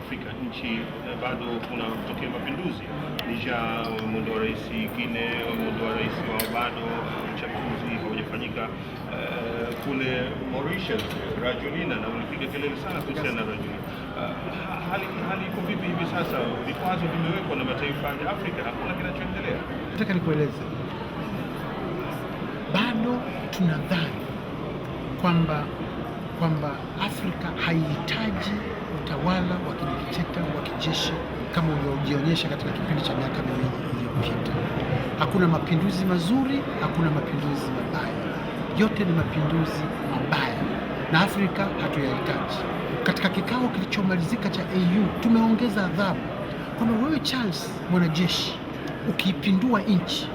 Afrika nchi eh, bado kuna tokea mapinduzi nisha mwendo wa rais kine mwendo wa rais wao bado uchaguzi haujafanyika. Uh, kule Mauritius rajulina na ulipiga kelele sana kuhusiana na Rajulina. Uh, eh, hali hali iko vipi hivi sasa? Vikwazo vimewekwa na mataifa ya Afrika, hakuna kinachoendelea. Nataka nikueleze bado tunadhani kwamba kwamba Afrika haihitaji utawala wa kidikteta wa kijeshi kama uliojionyesha katika kipindi cha miaka miwili iliyopita. Hakuna mapinduzi mazuri, hakuna mapinduzi mabaya, yote ni mapinduzi mabaya, na Afrika hatuyahitaji. Katika kikao kilichomalizika cha AU tumeongeza adhabu kwamba wewe Charles, mwanajeshi, ukiipindua nchi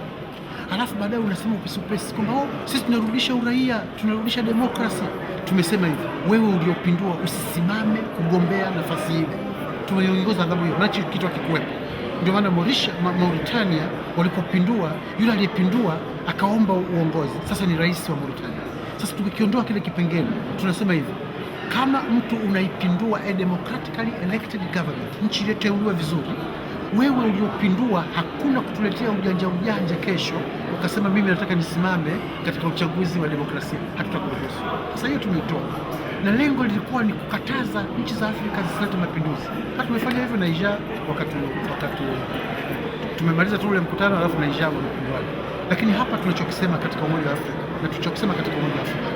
halafu baadaye unasema upesi upesi kwamba oh, sisi tunarudisha uraia, tunarudisha demokrasi tumesema hivi, wewe uliopindua usisimame kugombea nafasi ile. tumeongoza adhabu hiyo, nacho kitu hakikuwepo. Ndio maana Mauritania walipopindua, yule aliyepindua akaomba uongozi, sasa ni rais wa Mauritania. Sasa tukikiondoa kile kipengele, tunasema hivi kama mtu unaipindua a democratically elected government, nchi iliyoteuliwa vizuri, wewe uliopindua, hakuna kutuletea ujanja ujanja kesho ukasema mimi nataka nisimame katika uchaguzi wa demokrasia, hatutakuruhusu. Sasa hiyo tumeitoka, na lengo lilikuwa ni kukataza nchi za Afrika zisilete mapinduzi, na tumefanya hivyo Naija wakati wakati tumemaliza tu ule mkutano, alafu Naija wamepindwana. Lakini hapa tunachokisema katika Umoja wa Afrika na tunachokisema katika Umoja wa Afrika,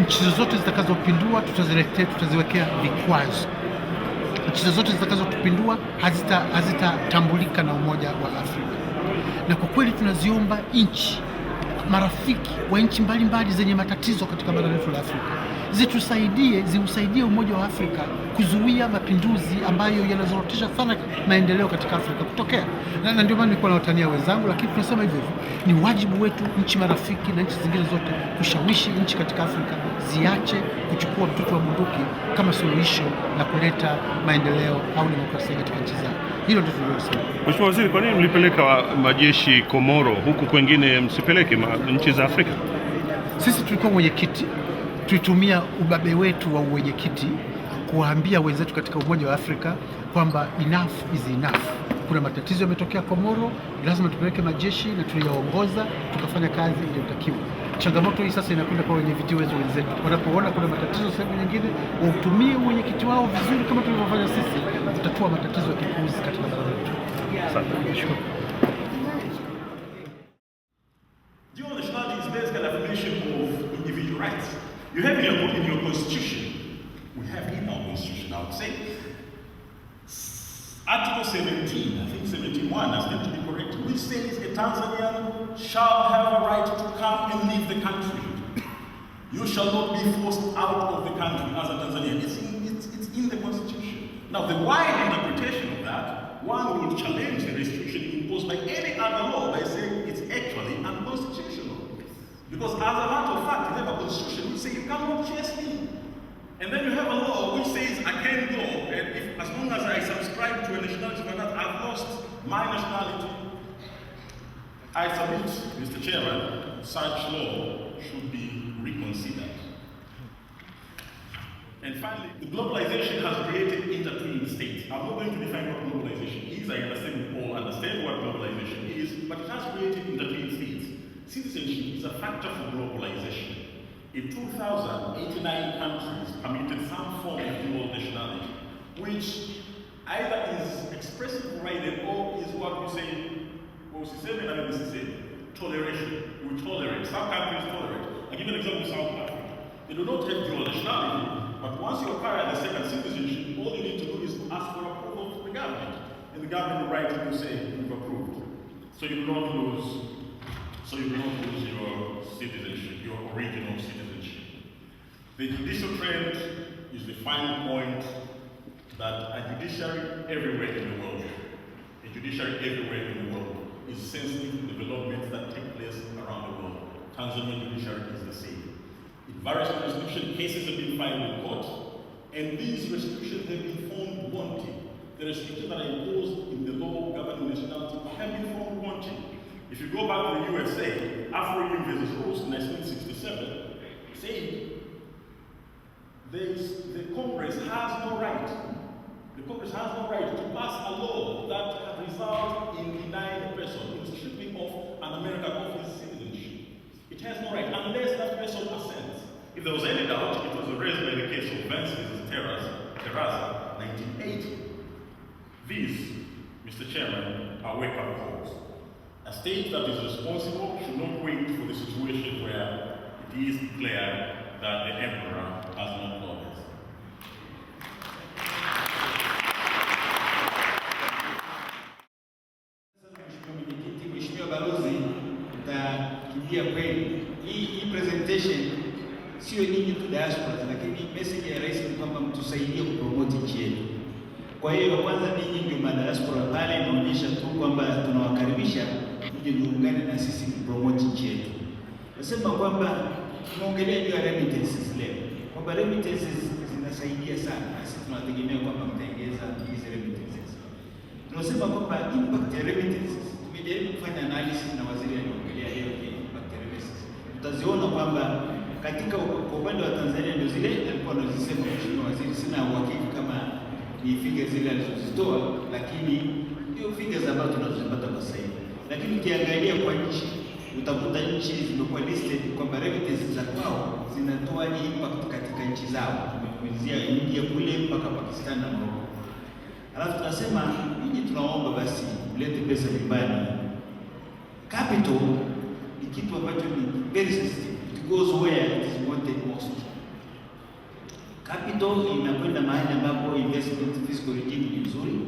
nchi zozote zitakazopindua tutaziletea, tutaziwekea vikwazo nchi zozote zitakazotupindua hazitatambulika hazita na Umoja wa Afrika na kwa kweli tunaziomba nchi marafiki wa nchi mbalimbali zenye matatizo katika bara letu la Afrika zitusaidie, ziusaidie Umoja wa Afrika kuzuia mapinduzi ambayo yanazorotesha sana maendeleo katika Afrika kutokea. Na ndio maana nilikuwa watania wenzangu, lakini tunasema hivyo hivyo, ni wajibu wetu nchi marafiki na nchi zingine zote kushawishi nchi katika Afrika ziache kuchukua mtoto wa bunduki kama suluhisho la kuleta maendeleo au demokrasia katika nchi zao. Hilo ndio tulilosema. Mheshimiwa Waziri, kwa nini mlipeleka majeshi Komoro, huku kwengine msipeleke nchi za Afrika? Sisi tulikuwa mwenyekiti tulitumia ubabe wetu wa uwenyekiti kuwaambia wenzetu katika Umoja wa Afrika kwamba enough is enough. Kuna matatizo yametokea Komoro, lazima tupeleke majeshi na tuliyaongoza, tukafanya kazi iliyotakiwa. Changamoto hii sasa inakwenda kwa viti wetu wenzetu, wanapoona kuna matatizo sehemu nyingine, wautumie uwenyekiti wao vizuri, kama tulivyofanya sisi, tutatua matatizo ya kipuuzi katika bara letu. Asante. We have in our constitution, I would say. Article 17, I think 71, I stand to be correct, which says a Tanzanian shall have a right to come and leave the country. You shall not be forced out of the country as a Tanzanian. It's in, it's, it's in the constitution. Now, the wide interpretation of that, one would challenge the restriction imposed by any other law by saying I submit, Mr. Chairman, such law should be reconsidered. And finally, globalization has created intertwined states. I'm not going to define what globalization is. I understand we all understand what globalization is, but it has created intertwined states. Citizenship is a factor for globalization. In 2000, 89 countries permitted some form of dual nationality, which either is expressly provided usiseme na mimi siseme. Toleration. We tolerate. Some countries tolerate. I give an example South Africa. They do not have dual nationality, but once you acquire the second citizenship, all you need to do is to ask for approval from the government. And the government will write to say, you've approved. So you do not lose so you do not lose your citizenship, your original citizenship. The judicial trend is the final point that a judiciary everywhere in the world, a judiciary everywhere in the world is sensitive to developments that take place around the world. Tanzania judiciary is the same. In various jurisdictions, cases have been filed in court, and these restrictions have been found wanting. The restrictions that are imposed in the law governing nationality have been found wanting. If you go back to the USA, Afro-Union versus Rose in 1967 said the Congress has no right the corporation has no right to pass a law that results in denying a person in stripping off an American citizenship. It has no right unless that person assents. If there was any doubt, it was raised by the case of Vences Terrace, Terrace 1980. These, Mr. Chairman, are wake up calls. A state that is responsible should not wait for the situation where it is clear that the emperor has not kuingia kweli. Hii hii presentation sio nyinyi tu diaspora, lakini message ya rais ni kwamba mtusaidie kupromote nchi yetu. Kwa hiyo kwanza ninyi ndio madiaspora pale, inaonyesha tu kwamba tunawakaribisha mje muungane na sisi kupromote nchi yetu. Nasema kwamba tunaongelea juu ya remittances leo, kwamba remittances zinasaidia sana, nasi tunategemea kwamba mtaongeza hizi remittances. Tunasema kwamba impact ya remittances, tumejaribu kufanya analysis na waziri aliongelea leo utaziona kwamba katika kwa upande wa Tanzania ndio zile alikuwa anazisema mheshimiwa waziri, sina uhakika kama ni figa zile alizozitoa, lakini ndio figa ambazo tunazozipata kwa sasa hivi. Lakini ukiangalia kwa nchi utakuta nchi zimekuwa listed kwamba remittance za kwao zinatoa impact katika nchi zao, kuanzia India kule mpaka Pakistan na Morocco. Alafu tunasema nyinyi, tunaomba basi mlete pesa nyumbani capital kitu ambacho ni very sensitive, it goes where it is wanted most. Capital inakwenda mahali ambapo investment fiscal regime ni nzuri,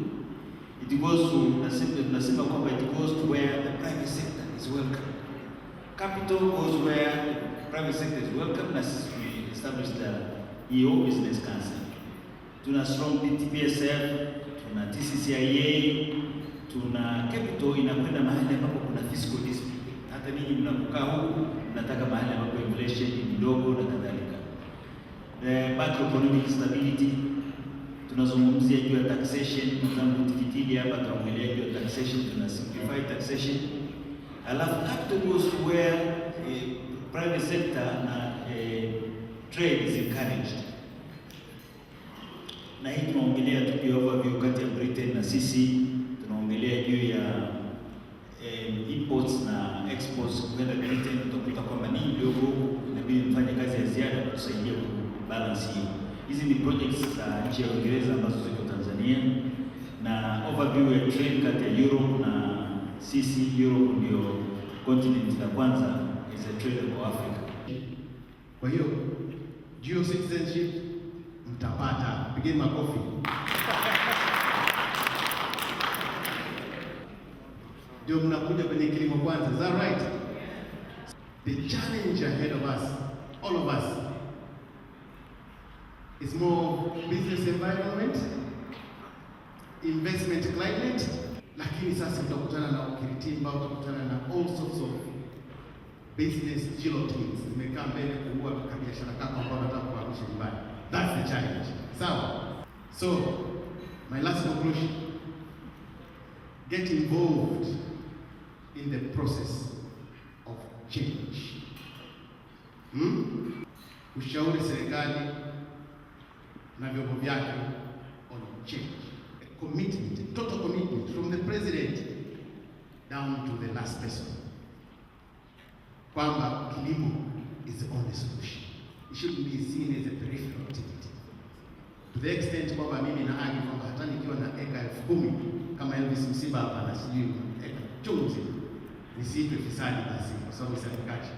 it goes to, tunasema kwamba it goes to where the private sector is welcome. Capital goes where the private sector is welcome, na sisi we establish the EO Business Council. Tuna strong TPSF, tuna TCCIA, tuna capital inakwenda mahali ambapo kuna fiscal discipline hata ninyi mnapokaa huku mnataka mahali ambapo inflation ni ndogo na kadhalika. Eh, macroeconomic stability tunazungumzia juu ya taxation, mtambo tikitili hapa tunaongelea juu ya taxation, tuna simplify taxation. Alafu capital goes to where eh, private sector na eh, trade is encouraged. Na hii tunaongelea tukiwa overview kati ya Britain na sisi tunaongelea juu ya imports na exports kwenda Britain, utakuta kwamba ni ndogo huko, inabidi mfanye kazi ya ziada kusaidia kubalance balance hiyo. Hizi ni projects za nchi ya Uingereza ambazo ziko Tanzania na overview ya trade kati ya Europe na sisi. Europe ndio continent ya kwanza is a trade kwa Africa. Kwa hiyo geo citizenship mtapata, pigeni makofi. ndio mnakuja kwenye kilimo kwanza. Is that right? The challenge ahead of us, all of us, is more business environment, investment climate, lakini sasa utakutana na ukiritimba, utakutana na all sorts of business gelatins zimekaa mbele kuua kabiashara kako ambao nataka kuhamisha nyumbani. That's the challenge. Sawa? So, my last conclusion. Get involved in the process of change. Hmm? Ushauri serikali na vyombo vyake on change. A commitment, a total commitment from the president down to the last person kwamba kilimo is the only solution. It shouldn't be seen as a peripheral activity to the extent kwamba mimi na hagi kwamba hata nikiwa na eka elfu kumi kama Elvis Msimba hapa na sijui eka chungu Nisitwe fisadi basi, kwa sababu isadikati